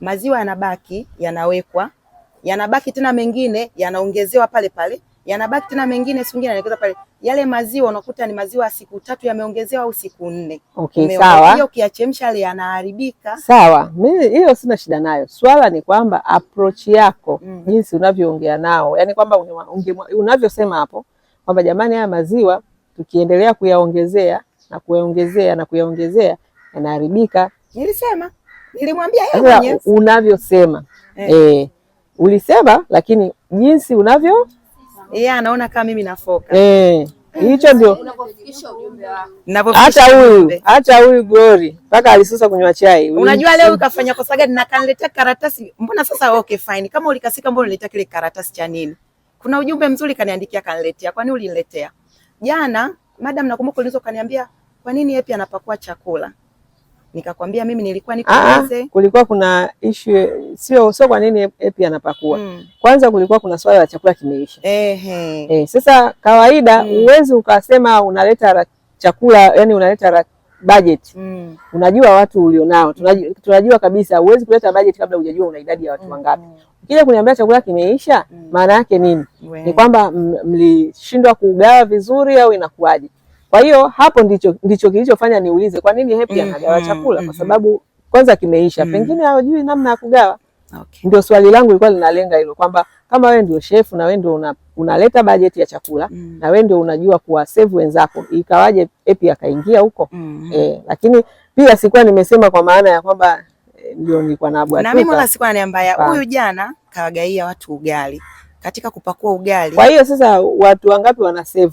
maziwa yanabaki, yanawekwa, yanabaki tena mengine yanaongezewa pale pale, yanabaki tena mengine siku nyingine yanaongezwa pale. Yale maziwa unakuta ni maziwa ya siku tatu yameongezewa au siku nne. Okay, sawa. Hiyo ukiyachemsha yale yanaharibika. Sawa, mimi hiyo sina shida nayo. Swala ni kwamba approach yako mm, jinsi unavyoongea nao, yani kwamba unavyosema hapo kwamba jamani, haya maziwa tukiendelea kuyaongezea na kuyaongezea na kuyaongezea yanaharibika. Nilisema nilimwambia yeye mwenyewe unavyosema eh. Eh, ulisema lakini jinsi unavyo yeye anaona kama mimi nafoka eh, hicho ndio hata huyu hata huyu Glory mpaka alisusa kunywa chai. Unajua leo ukafanya kosa gani? na kanileta karatasi. Mbona sasa okay fine, kama ulikasika, mbona unileta kile karatasi cha nini? Kuna ujumbe mzuri kaniandikia, kaniletea. nini uliniletea jana? Madam, nakumbuka ulizo kaniambia, kwa nini Hepi anapakua chakula nikakwambia mimi nilikuwa niko ah, ah, nize. Kulikuwa kuna issue sio sio, kwa nini epi anapakua mm. Kwanza kulikuwa kuna swala la chakula kimeisha. Ehe. E, sasa kawaida mm. ukasema unaleta chakula yani unaleta budget mm. Unajua watu ulionao, tunajua, tunajua kabisa huwezi kuleta budget kabla hujajua una idadi ya watu hmm. wangapi mm. Kile kuniambia chakula kimeisha hmm. maana mm. yake nini? We. Ni kwamba mlishindwa kugawa vizuri au inakuwaje? Kwa hiyo hapo ndicho, ndicho kilichofanya niulize kwa nini Happy mm, anagawa mm, chakula, kwa mm, sababu kwanza kimeisha, pengine hawajui namna ya kugawa. Okay. Ndio swali langu lilikuwa linalenga hilo kwamba kama wewe ndio chef na wewe ndio una, unaleta bajeti ya chakula mm. na wewe ndio unajua kuwa save wenzako, ikawaje Happy akaingia huko mm eh, lakini pia sikuwa nimesema kwa maana ya kwamba eh, ndio nilikuwa na bwana na mimi mwana sikuwa niambaya ah. huyu jana kawagaia watu ugali katika kupakua ugali. Kwa hiyo sasa watu wangapi wana save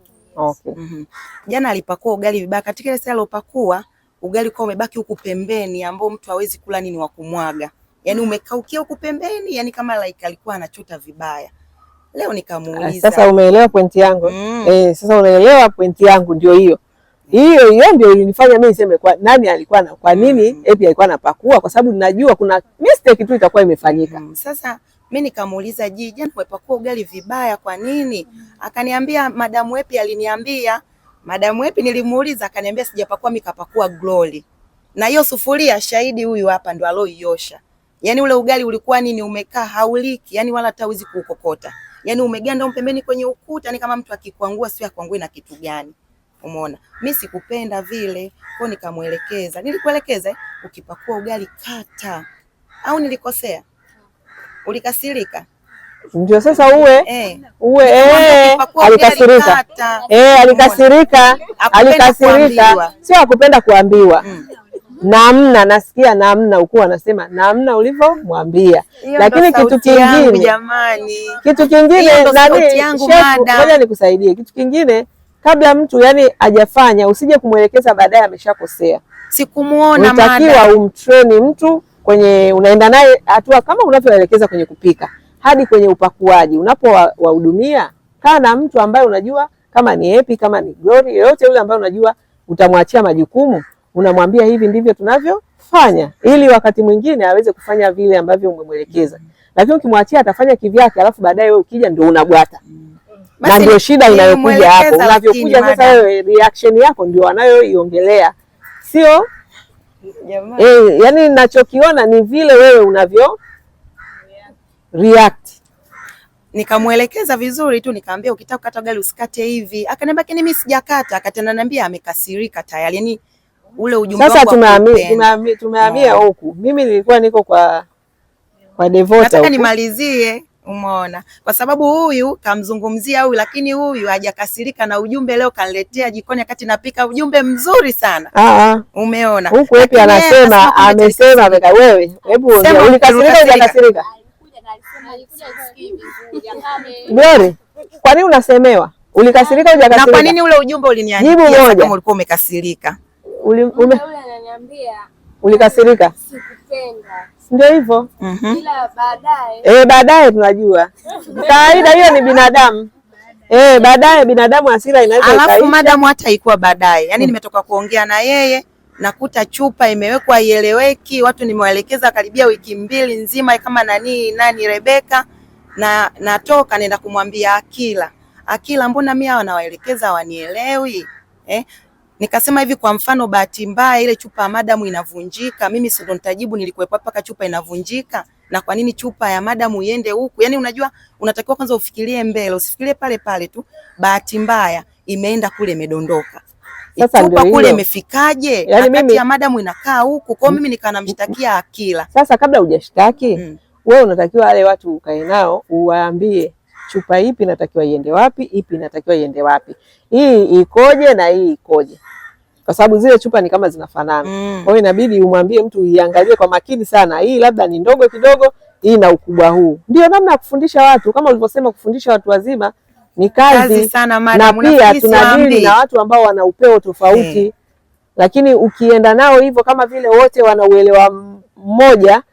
Okay. Mm -hmm. Jana alipakua ugali vibaya. Katika ile sala alopakua ugali kwa umebaki huku pembeni ambao mtu hawezi kula nini wa kumwaga. Yaani umekaukia huku pembeni, yani kama like alikuwa anachota vibaya. Leo nikamuuliza. Sasa umeelewa pointi yangu? Mm. Eh, sasa unaelewa pointi yangu ndio hiyo. Hiyo hiyo ndio ilinifanya mimi niseme kwa nani alikuwa na kwa nini mm. Epi alikuwa anapakua kwa sababu ninajua kuna mistake tu itakuwa imefanyika. Mm. Sasa Mi nikamuuliza jii, jana umepakua ugali vibaya, kwa nini? Akaniambia madamu wepi aliniambia. Madamu wepi nilimuuliza, akaniambia sijapakua, mikapakua glori Na hiyo sufuria shahidi huyu hapa ndo aloiosha. yani ule ugali ulikuwa nini umekaa hauliki, yani wala hata hawezi kuukokota. yani umeganda pembeni kwenye ukuta, ni kama mtu akikwangua sio akwangwe na kitu gani. Umeona? mi sikupenda vile, kwao, nikamwelekeza. Nilikuelekeza eh, ukipakua ugali kata. Au nilikosea? Ulikasirika? Ndio sasa uwe eh, uwe eh, alikasirika eh, alikasirika, alikasirika, sio akupenda kuambiwa mm. Namna nasikia namna ukuwa anasema namna ulivyomwambia, lakini kitu kingine jamani, kitu kingine ngoja nikusaidie kitu kingine kabla mtu yani ajafanya, usije kumwelekeza baadaye ameshakosea. Sikumuona unatakiwa umtreni mtu kwenye unaenda naye hatua kama unavyoelekeza kwenye kupika hadi kwenye upakuaji. Unapowahudumia kaa na mtu ambaye unajua kama ni Epi, kama ni Glory, yoyote yule ambaye unajua utamwachia majukumu, unamwambia hivi ndivyo tunavyofanya, ili wakati mwingine aweze kufanya vile ambavyo umemwelekeza. Lakini ukimwachia atafanya kivyake, alafu baadaye wewe ukija ndio unabwata na ndio shida inayokuja hapo. Unavyokuja sasa, wewe reaction yako ndio anayoiongelea, sio e, yani nachokiona ni vile wewe unavyo react nikamwelekeza vizuri tu, nikamwambia ukitaka kukata gari usikate hivi. Akaniambia kini mimi sijakata, akatenda niambia amekasirika tayari. Yani ule ujumbe sasa, tumehamia huku. Mimi nilikuwa niko kwa kwa Devota, nataka nimalizie Umeona, kwa sababu huyu kamzungumzia huyu, lakini huyu hajakasirika na ujumbe. Leo kanletea jikoni wakati napika ujumbe mzuri sana. Aa, ah, ah. umeona huku wapi? anasema, amesema wewe, hebu ulikasirika, hujakasirika Glory, kwa nini unasemewa? Ulikasirika, hujakasirika? Na kwa nini ule ujumbe uliniandikia? Jibu moja ulikuwa umekasirika. Ulikasirika? Sikupenda ndio hivyo mm -hmm. baadaye tunajua kawaida hiyo ni binadamu eh, baadaye binadamu asira inaweza ikaisha. Alafu madamu hata ikuwa baadaye, yaani nimetoka kuongea na yeye nakuta chupa imewekwa ieleweki, watu nimewaelekeza karibia wiki mbili nzima kama nani nani Rebeka, na natoka naenda kumwambia Akila, Akila, mbona mimi hawa nawaelekeza wanielewi eh? Nikasema hivi, kwa mfano, bahati mbaya ile chupa ya madamu inavunjika, mimi si ndo nitajibu nilikuwepo hapa mpaka chupa inavunjika? Na kwa nini chupa ya madamu iende huku? Yani unajua, unatakiwa kwanza ufikirie mbele, usifikirie pale pale tu. Bahati mbaya imeenda kule, imedondoka sasa ndio kule imefikaje? Yani mimi ya madamu inakaa huku kwao, mimi nikanamshtakia Akila. Sasa kabla hujashtaki mm, wewe unatakiwa wale watu ukae nao uwaambie chupa ipi inatakiwa iende wapi, ipi inatakiwa iende wapi, hii ikoje na hii ikoje kwa sababu zile chupa ni kama zinafanana. Mm. Kwa hiyo inabidi umwambie mtu uiangalie kwa makini sana, hii labda ni ndogo kidogo, hii na ukubwa huu. Ndio namna ya kufundisha watu, kama ulivyosema, kufundisha watu wazima ni kazi, kazi sana na pia tunadili na watu ambao wana upeo tofauti hey. Mm. Lakini ukienda nao hivyo kama vile wote wana uelewa mmoja,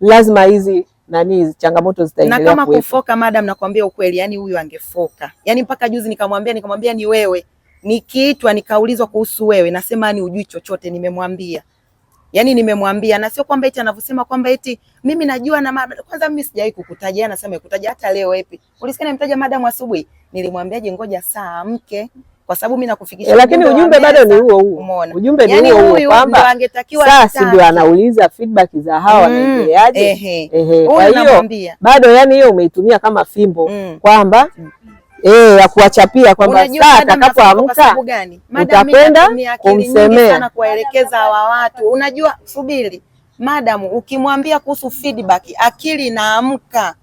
lazima hizi nani hizi changamoto zitaendelea kuwepo. Na kama kufoka, madam, nakwambia ukweli, yani huyu angefoka, yani mpaka juzi nikamwambia nikamwambia ni wewe nikiitwa nikaulizwa kuhusu wewe, nasema ni ujui chochote, nimemwambia yani nimemwambia, na sio kwamba eti anavyosema kwamba eti mimi najua na mada. Kwanza mimi sijawahi kukutaja, anasema kutaja hata leo. Epi, ulisikia nimtaja madam asubuhi? Nilimwambiaje, ngoja saa mke kwa sababu mimi nakufikisha, eh, lakini ujumbe bado ni huo huo. Umeona, ujumbe ni yaani huo huo kwamba angetakiwa sasa, si ndio anauliza feedback za hawa mm, wanaendeleaje. Kwa hiyo bado, yani hiyo umeitumia kama fimbo mm, kwamba mm eh, ya kuwachapia kwamba saa atakapoamka utapenda kumsemea sana kuwaelekeza hawa watu. Unajua, subiri madamu, ukimwambia kuhusu feedback akili inaamka.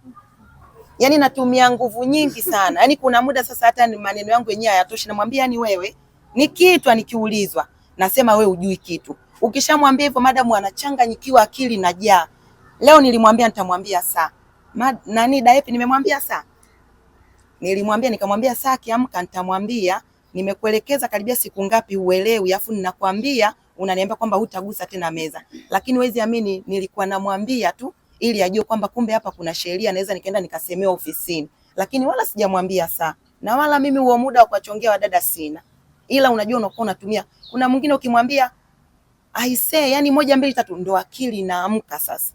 Yani natumia nguvu nyingi sana, yani kuna muda sasa hata maneno yangu yenyewe hayatoshi. Namwambia ni wewe, nikiitwa nikiulizwa nasema we ujui kitu. Ukishamwambia hivyo madamu anachanganyikiwa, akili inajaa. Leo nilimwambia nitamwambia saa nani daepi, nimemwambia saa Nilimwambia nikamwambia, saa amka, nitamwambia nimekuelekeza karibia siku ngapi uelewi, afu ninakwambia unaniambia kwamba hutagusa tena meza, lakini wezi amini, nilikuwa namwambia tu ili ajue kwamba kumbe hapa kuna sheria, naweza nikaenda nikasemewa ofisini, lakini wala sijamwambia saa na wala mimi huo muda wa kuwachongea wadada sina, ila unajua unakuwa unatumia. Kuna mwingine ukimwambia aisee, yani moja mbili tatu, ndo akili inaamka sasa,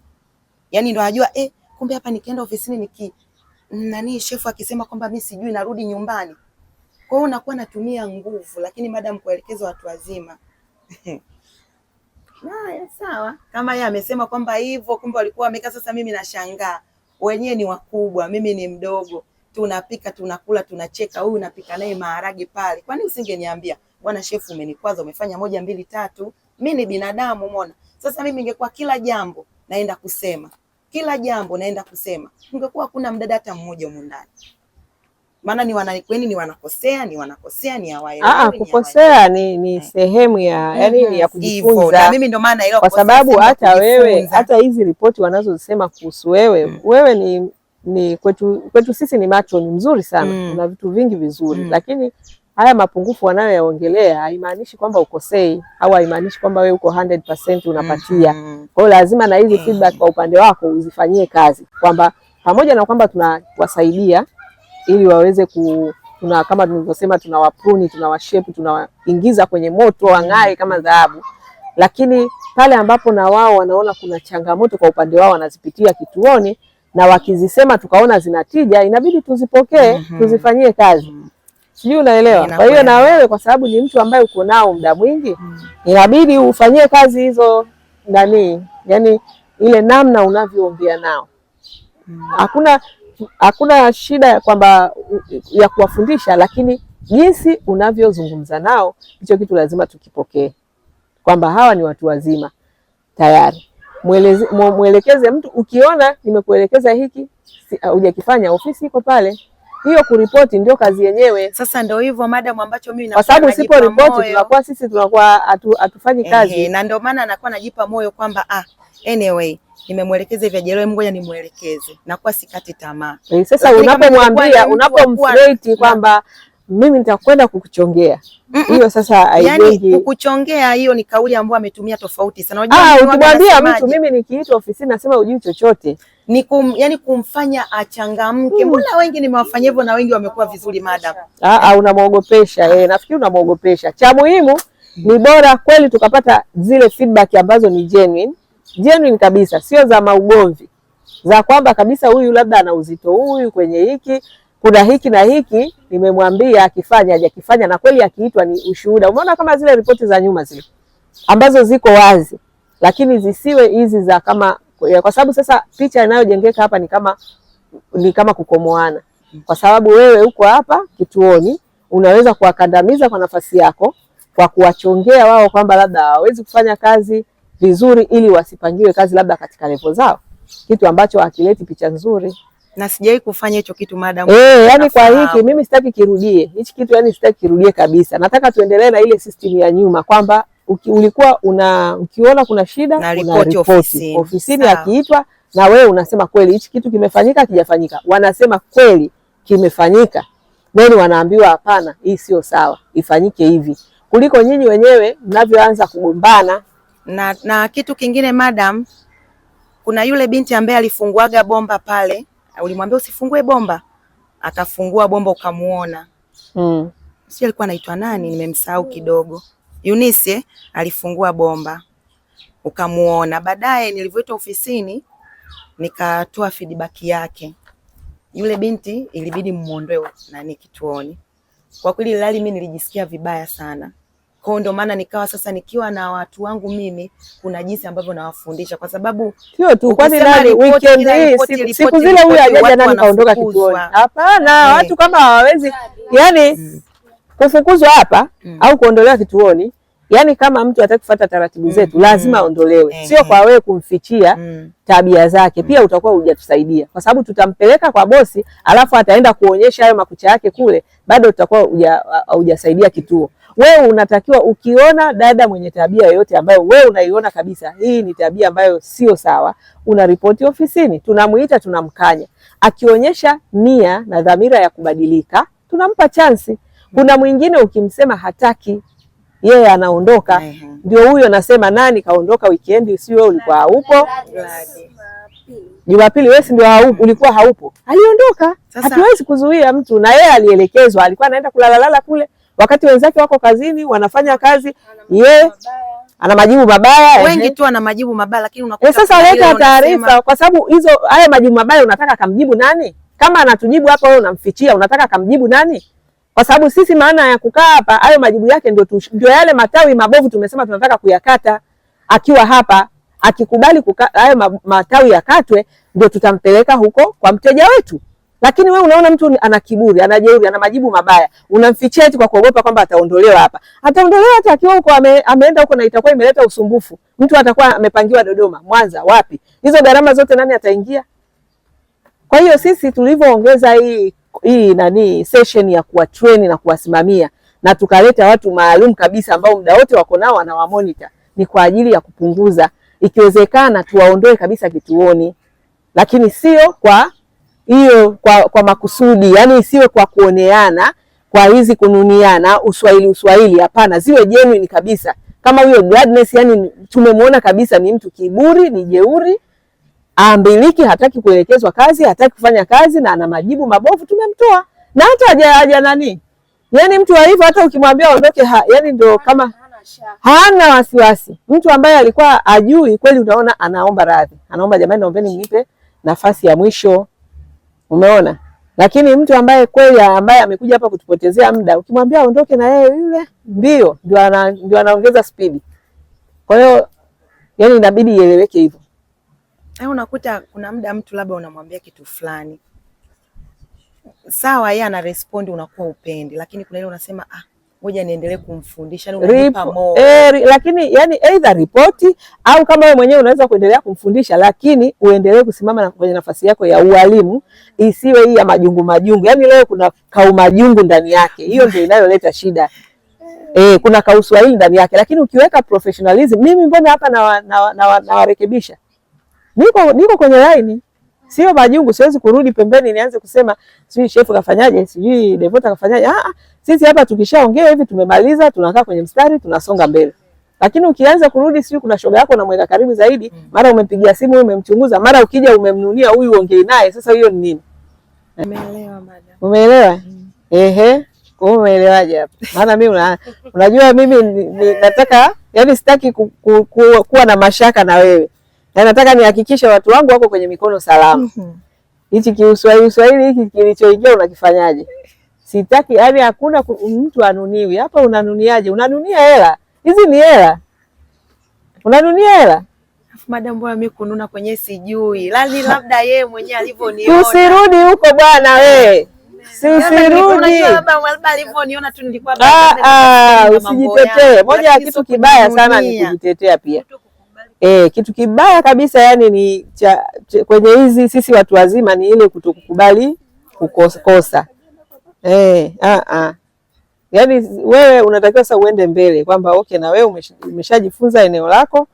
yani ndo ajua eh, kumbe hapa nikienda ofisini niki nani shefu akisema kwamba mimi sijui narudi nyumbani. Kwa hiyo unakuwa natumia nguvu, lakini madam kuelekeza watu wazima haya sawa. Kama yeye amesema kwamba hivyo, kumbe walikuwa wamekaa. Sasa mimi nashangaa, wenyewe ni wakubwa, mimi ni mdogo, tunapika tunakula, tunacheka, huyu napika naye maharage pale. Kwani usingeniambia bwana shefu, umenikwaza, umefanya moja mbili tatu? Mi ni binadamu, umeona. Sasa mimi ningekuwa kila jambo naenda kusema kila jambo naenda kusema, ungekuwa kuna mdada hata mmoja humu ndani. Maana ni wana kweni ni wanakosea ni wanakosea ni hawaelewi. Ah, kukosea ni ni eh. sehemu ya yaani mm -hmm. ya kujifunza. Na mimi ndo maana ile kwa sababu hata wewe hata hizi ripoti wanazozisema kuhusu wewe mm. wewe ni ni kwetu, kwetu sisi ni macho ni mzuri sana mm. kuna vitu vingi vizuri mm. lakini haya mapungufu wanayoyaongelea haimaanishi kwamba ukosei au haimaanishi kwamba wewe uko 100% unapatia. Mhm. Kwa hiyo lazima na hizi feedback mm. kwa upande wako uzifanyie kazi kwamba pamoja na kwamba tunawasaidia ili waweze ku tuna, kama tulivyosema tunawapruni, tunawashape, tunawaingiza kwenye moto wang'ae mm. kama dhahabu, lakini pale ambapo na wao wanaona kuna changamoto kwa upande wao wanazipitia kituoni, na wakizisema tukaona zinatija, inabidi tuzipokee, mm -hmm. tuzifanyie kazi. Mm sijui unaelewa. Kwa hiyo na wewe kwa sababu ni mtu ambaye uko nao muda mwingi hmm. inabidi ufanyie kazi hizo ndani, yani ile namna unavyoongea nao hmm. hakuna hmm. hakuna shida ya kwamba ya kuwafundisha, lakini jinsi unavyozungumza nao, hicho kitu lazima tukipokee kwamba hawa ni watu wazima tayari. Mweleze, mwelekeze mtu ukiona nimekuelekeza hiki hujakifanya, ofisi iko pale hiyo kuripoti ndio kazi yenyewe. Sasa ndio hivyo madam, ambacho mimi kwa sababu usipo ripoti tunakuwa sisi tunakuwa hatufanyi kazi, na ndio maana anakuwa najipa moyo kwamba ah, anyway nimemwelekeza hivi ajielewe, ngoja nimwelekeze, nakuwa sikati tamaa. Eh, sasa unapomwambia unapomfreti kwamba mimi nitakwenda kukuchongea hiyo mm -mm. Sasa yaani aijengi yani, kukuchongea hiyo ni kauli ambayo ametumia tofauti sana. Unajua, ah, ukimwambia mtu mimi nikiitwa ofisini nasema ujui chochote ni kum, yani kumfanya achangamke. Hmm. Mbona wengi nimewafanyia hivyo na wengi wamekuwa vizuri madam. Ah, ah, unamwogopesha eh, nafikiri unamwogopesha. Cha muhimu ni bora kweli tukapata zile feedback ambazo ni genuine, genuine kabisa, sio za maugomvi, za kwamba kabisa huyu labda ana uzito huyu kwenye hiki kuna hiki na hiki nimemwambia akifanya hajakifanya, na kweli akiitwa ni ushuhuda. Umeona kama zile ripoti za nyuma zile ambazo ziko wazi, lakini zisiwe hizi za kama kwa sababu sasa picha inayojengeka hapa ni kama ni kama kukomoana, kwa sababu wewe uko hapa kituoni, unaweza kuwakandamiza kwa nafasi yako kwa kuwachongea wao kwamba labda hawawezi kufanya kazi vizuri ili wasipangiwe kazi labda katika levo zao, kitu ambacho hakileti picha nzuri. Na sijai kufanya hicho kitu madam. E, yani kwa hiki mimi sitaki kirudie hichi kitu, yani sitaki kirudie kabisa. Nataka tuendelee na ile system ya nyuma kwamba uki, ulikuwa una ukiona kuna shida na ofisini, ofisini akiitwa na wewe unasema kweli hichi kitu kimefanyika kijafanyika wanasema kweli kimefanyika, neni wanaambiwa hapana, hii sio sawa, ifanyike hivi, kuliko nyinyi wenyewe mnavyoanza kugombana. Na, na kitu kingine madam, kuna yule binti ambaye alifunguaga bomba pale, ulimwambia usifungue bomba, akafungua bomba ukamuona. Mm. Si alikuwa anaitwa nani, nimemsahau kidogo. Eunice alifungua bomba ukamuona. Baadaye nilivyoitwa ofisini nikatoa feedback yake, yule binti ilibidi mmuondoe nani kituoni. Kwa kweli lali mimi nilijisikia vibaya sana kwa ndio maana nikawa sasa nikiwa na watu wangu mimi kuna jinsi ambavyo nawafundisha, kwa sababu sio tu kwani lali weekend hii siku zile huyu hajaja nani kaondoka kituoni. Hapana, eh. watu kama hawawezi mm. yani mm kufukuzwa hapa mm. au kuondolewa kituoni yani kama mtu hataki kufuata taratibu mm. zetu mm lazima aondolewe mm sio kwa wewe kumfichia mm tabia zake, pia mm. utakuwa hujatusaidia kwa sababu tutampeleka kwa bosi, alafu ataenda kuonyesha hayo makucha yake kule, bado utakuwa hujasaidia kituo. Wewe unatakiwa ukiona dada mwenye tabia yoyote ambayo wewe unaiona kabisa hii ni tabia ambayo sio sawa, unaripoti ofisini, tunamuita tunamkanya. Akionyesha nia na dhamira ya kubadilika, tunampa chansi kuna mwingine ukimsema hataki yeye anaondoka. Ndio huyo nasema nani kaondoka weekend, si wewe ulikuwa haupo Jumapili, wewe si ndio haupo, mm. ulikuwa haupo, aliondoka. Hatuwezi kuzuia mtu, na yeye alielekezwa, alikuwa anaenda kulalalala kule, wakati wenzake wako kazini wanafanya kazi, ye ana majibu mabaya. Wengi tu ana majibu mabaya, lakini unakuta eh, sasa, leta taarifa, kwa sababu hizo haya majibu mabaya unataka kamjibu nani? Kama anatujibu hapa, wewe unamfichia, unataka kamjibu nani? kwa sababu sisi maana ya kukaa hapa, hayo majibu yake ndio ndio yale matawi mabovu tumesema tunataka kuyakata. Akiwa hapa akikubali hayo matawi yakatwe, ndio tutampeleka huko kwa mteja wetu. Lakini wewe unaona mtu ana kiburi, ana jeuri, ana majibu mabaya, unamfichia eti kwa kuogopa kwamba ataondolewa hapa. Ataondolewa hata akiwa huko ame, ameenda huko na itakuwa imeleta usumbufu. Mtu atakuwa amepangiwa Dodoma, Mwanza, wapi? Hizo gharama zote nani ataingia? Kwa hiyo sisi tulivyoongeza hii hii nani session ya train na kuwasimamia, na tukaleta watu maalum kabisa ambao muda wote wako nao monitor, ni kwa ajili ya kupunguza, ikiwezekana tuwaondoe kabisa kituoni, lakini sio kwa hiyo kwa, kwa makusudi, yani isiwe kwa kuoneana, kwa hizi kununiana, uswahili uswahili, hapana, ziwe genuine kabisa kama huyo Gladness, yani tumemwona kabisa ni mtu kiburi, ni jeuri ambiliki, hataki kuelekezwa kazi, hataki kufanya kazi na ana majibu mabovu, tumemtoa na hata haja haja nani. Yani mtu wa hivyo hata ukimwambia ondoke, yani ndio kama hana wasiwasi. Mtu ambaye alikuwa ajui kweli, unaona anaomba radhi, anaomba jamani, naombeni mnipe nafasi ya mwisho, umeona. Lakini mtu ambaye kweli, ambaye amekuja hapa kutupotezea muda, ukimwambia aondoke, na yeye yule mbio ndio anaongeza spidi. Kwa hiyo yani inabidi ieleweke hivyo. Au yaani unakuta kuna muda mtu labda unamwambia kitu fulani sawa, yeye ana respond, unakuwa upendi, lakini kuna ile unasema ah, ngoja niendelee kumfundisha ni yaani unanipa moyo eh, lakini yani either ripoti au kama wewe mwenyewe unaweza kuendelea kumfundisha, lakini uendelee kusimama na kwenye nafasi yako ya ualimu, isiwe hii ya majungu majungu. Yani leo kuna kaumajungu ndani yake, hiyo ndio inayoleta shida. Eh, kuna kauswahili ndani yake, lakini ukiweka professionalism, mimi mbona hapa nawarekebisha na, na, na, na niko niko kwenye line, sio majungu. Siwezi kurudi pembeni nianze kusema sijui shefu kafanyaje, sijui Devota kafanyaje. Ah, ah, sisi hapa tukishaongea hivi tumemaliza, tunakaa kwenye mstari, tunasonga mbele. Lakini ukianza kurudi, sijui kuna shoga yako unamweka karibu zaidi, mm. mara umempigia simu, umemchunguza, mara ukija umemnunia huyu, ongei naye. Sasa hiyo ni nini? Umeelewa madam? Umeelewa? Mm. Ehe. Umeelewaje hapa? Maana mimi una, unajua mimi ni, ni, nataka yani sitaki ku, ku, ku, kuwa na mashaka na wewe na nataka nihakikishe watu wangu wako kwenye mikono salama. Mhm. Hichi kiuswahili uswahili hiki kilichoingia unakifanyaje? Sitaki yani, hakuna mtu anuniwi hapa. Unanuniaje? unanunia hela hizi, ni hela unanunia hela Madam, bwana mimi kununa kwenye sijui lali, labda yeye mwenyewe alivyoniona. Tusirudi huko bwana, we sisirudi, ah, ah, usijitetee. Moja ya kitu kibaya sana ni kujitetea pia. E, kitu kibaya kabisa yani ni cha, cha, kwenye hizi sisi watu wazima ni ile kutokukubali kukosa. E, a a. Yani wewe unatakiwa sasa uende mbele kwamba okay, na wewe umeshajifunza eneo lako,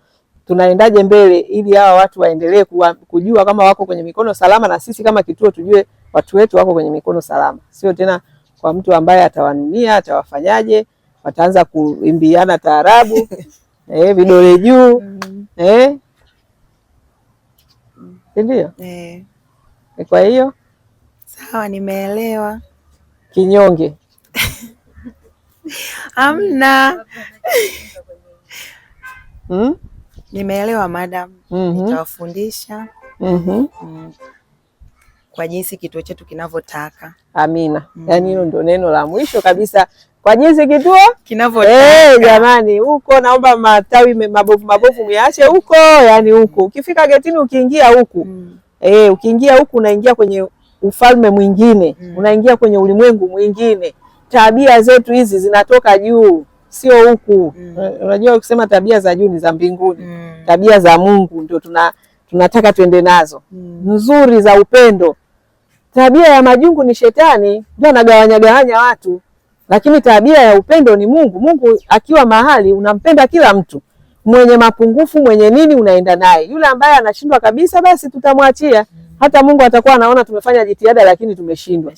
tunaendaje mbele ili hawa watu waendelee kujua kama wako kwenye mikono salama, na sisi kama kituo tujue watu wetu wako kwenye mikono salama, sio tena kwa mtu ambaye atawanunia atawafanyaje, wataanza kuimbiana taarabu eh, vidole juu mm. eh. Sindio? Eh. eh. Kwa hiyo sawa, nimeelewa. Kinyonge amna mm? Nimeelewa madam. mm -hmm. Nitawafundisha mm -hmm. mm. kwa jinsi kituo chetu kinavyotaka. Amina. mm -hmm. Yaani hilo ndio neno la mwisho kabisa kwa jinsi kituo kinavyoendelea. Eh, jamani, huko naomba matawi mabovu mabovu miache huko, yani huko ukifika getini, ukiingia huku mm. e, ukiingia huku unaingia kwenye ufalme mwingine mm. unaingia kwenye ulimwengu mwingine. Tabia zetu hizi zinatoka juu, sio huku mm. Eh, unajua, ukisema tabia za juu ni za mbinguni mm. tabia za Mungu ndio tuna tunataka tuende nazo mm. nzuri za upendo. Tabia ya majungu ni shetani, ndio anagawanya gawanya watu lakini tabia ya upendo ni Mungu. Mungu akiwa mahali unampenda kila mtu, mwenye mapungufu, mwenye nini, unaenda naye. Yule ambaye anashindwa kabisa, basi tutamwachia hata Mungu atakuwa anaona tumefanya jitihada lakini tumeshindwa.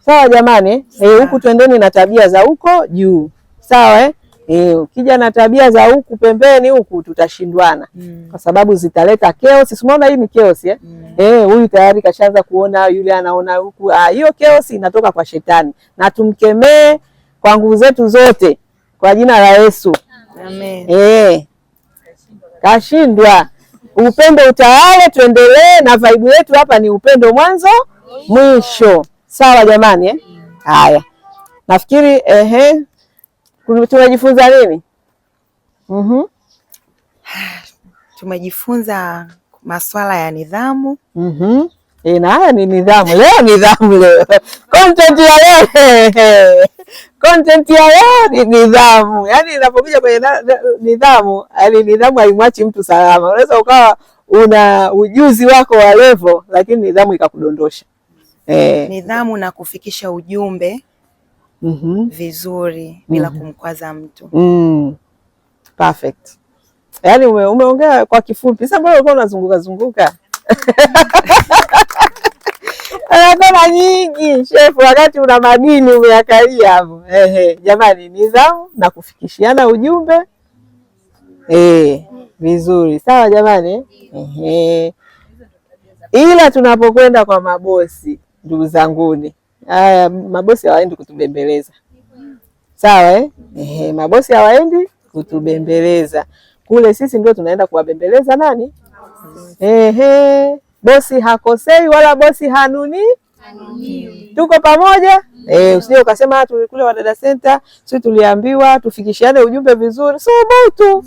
Sawa jamani, eh, huku e, tuendeni na tabia za huko juu. Sawa eh? Eh, ukija na tabia za huku pembeni huku tutashindwana mm. kwa sababu zitaleta chaos. Umeona hii ni chaos eh? Mm. Eh, huyu tayari kashaanza kuona yule anaona huku. Ah, hiyo chaos inatoka kwa shetani na tumkemee kwa nguvu zetu zote kwa jina la Yesu. Amen. Eh. Kashindwa. Upendo utawale, tuendelee na vibe yetu hapa ni upendo mwanzo mwisho. Sawa jamani eh? Mm. Haya. Nafikiri ehe tumejifunza nini? mm Tumejifunza maswala ya nidhamu. mm E, na haya ni nidhamu leo, nidhamu leo. Content ya leo, content ya leo ni nidhamu. Yaani inapokuja kwenye nidhamu, yaani nidhamu haimwachi mtu salama. Unaweza ukawa una ujuzi wako wa level, lakini nidhamu ikakudondosha. Eh. nidhamu na kufikisha ujumbe mm -hmm. vizuri bila mm -hmm. kumkwaza mtu mm. Perfect. Yaani umeongea kwa kifupi. Sasa mbona ulikuwa unazunguka zunguka? Anakona eh, nyingi shefu, wakati una madini umeakalia hapo. Ehe, jamani, nidhamu na kufikishiana ujumbe eh, vizuri sawa jamani. Ehe, ila tunapokwenda kwa mabosi, ndugu zanguni Haya, mabosi hawaendi kutubembeleza, sawa eh? Ehe, mabosi hawaendi kutubembeleza kule, sisi ndio tunaenda kuwabembeleza nani? Ehe, bosi hakosei wala bosi hanuni Anuniwe. Tuko pamoja eh, usije ukasema ah, tulikule Wadada Center, si tuliambiwa tufikishiane ujumbe vizuri. Subutu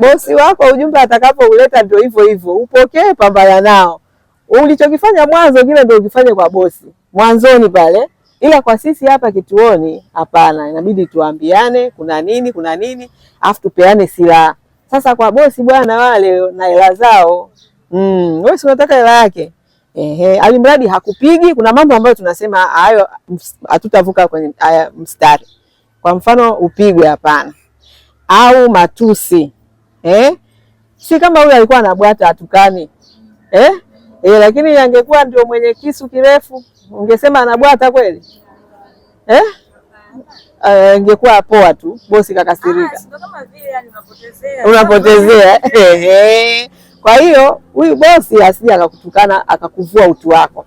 bosi wako ujumbe atakapouleta ndio hivyo hivyo, upokee, pambana nao. Ulichokifanya mwanzo kile ndio ukifanye kwa bosi mwanzoni pale, ila kwa sisi hapa kituoni hapana, inabidi tuambiane kuna nini kuna nini, afu tupeane silaha. Sasa kwa bosi bwana, wale na hela zao mm, wewe si unataka hela yake ehe, alimradi hakupigi. Kuna mambo ambayo tunasema hayo hatutavuka kwenye haya mstari, kwa mfano upigwe, hapana, au matusi eh? si kama huyu alikuwa anabwata atukani eh? E, lakini angekuwa ndio mwenye kisu kirefu ungesema anabwata kweli eh? ingekuwa ah, eh, poa tu, bosi kakasirika, unapotezea. Kwa hiyo huyu bosi asije akakutukana akakuvua utu wako.